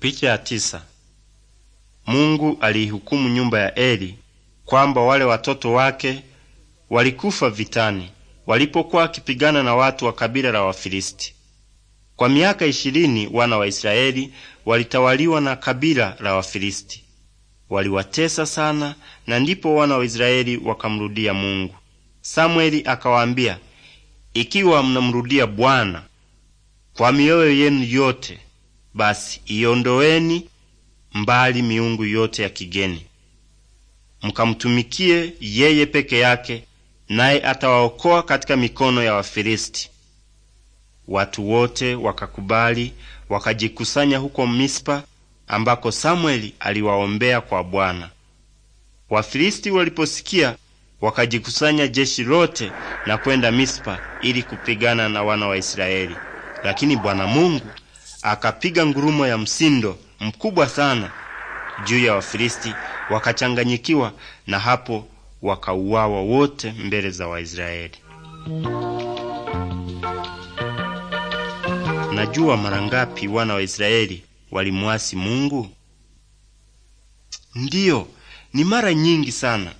Picha ya tisa. Mungu aliihukumu nyumba ya Eli kwamba wale watoto wake walikufa vitani walipokuwa wakipigana na watu wa kabila la Wafilisti. Kwa miaka ishirini wana wa Israeli walitawaliwa na kabila la Wafilisti. Waliwatesa sana, na ndipo wana wa Israeli wakamrudia Mungu. samueli akawaambia, ikiwa mnamrudia Bwana kwa mioyo yenu yote basi iondoeni mbali miungu yote ya kigeni, mkamtumikie yeye peke yake, naye atawaokoa katika mikono ya Wafilisti. Watu wote wakakubali, wakajikusanya huko Mispa ambako Samweli aliwaombea kwa Bwana. Wafilisti waliposikia wakajikusanya jeshi lote na kwenda Mispa ili kupigana na wana wa Israeli, lakini Bwana Mungu akapiga ngurumo ya msindo mkubwa sana juu ya Wafilisti, wakachanganyikiwa na hapo wakauawa wote mbele za Waisraeli. Najua mara ngapi wana wa Israeli walimwasi Mungu? Ndiyo, ni mara nyingi sana,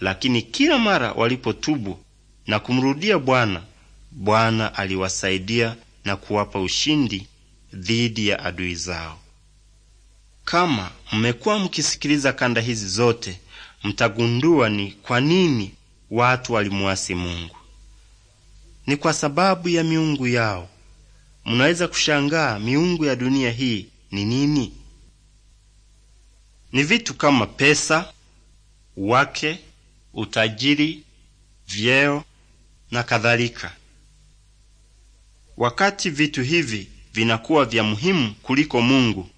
lakini kila mara walipotubu na kumrudia Bwana, Bwana aliwasaidia na kuwapa ushindi dhidi ya adui zao. Kama mmekuwa mkisikiliza kanda hizi zote, mtagundua ni kwa nini watu walimuasi Mungu. Ni kwa sababu ya miungu yao. Mnaweza kushangaa miungu ya dunia hii ni nini? Ni vitu kama pesa, wake, utajiri, vyeo na kadhalika. Wakati vitu hivi vinakuwa vya muhimu kuliko Mungu,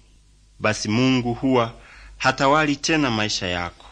basi Mungu huwa hatawali tena maisha yako.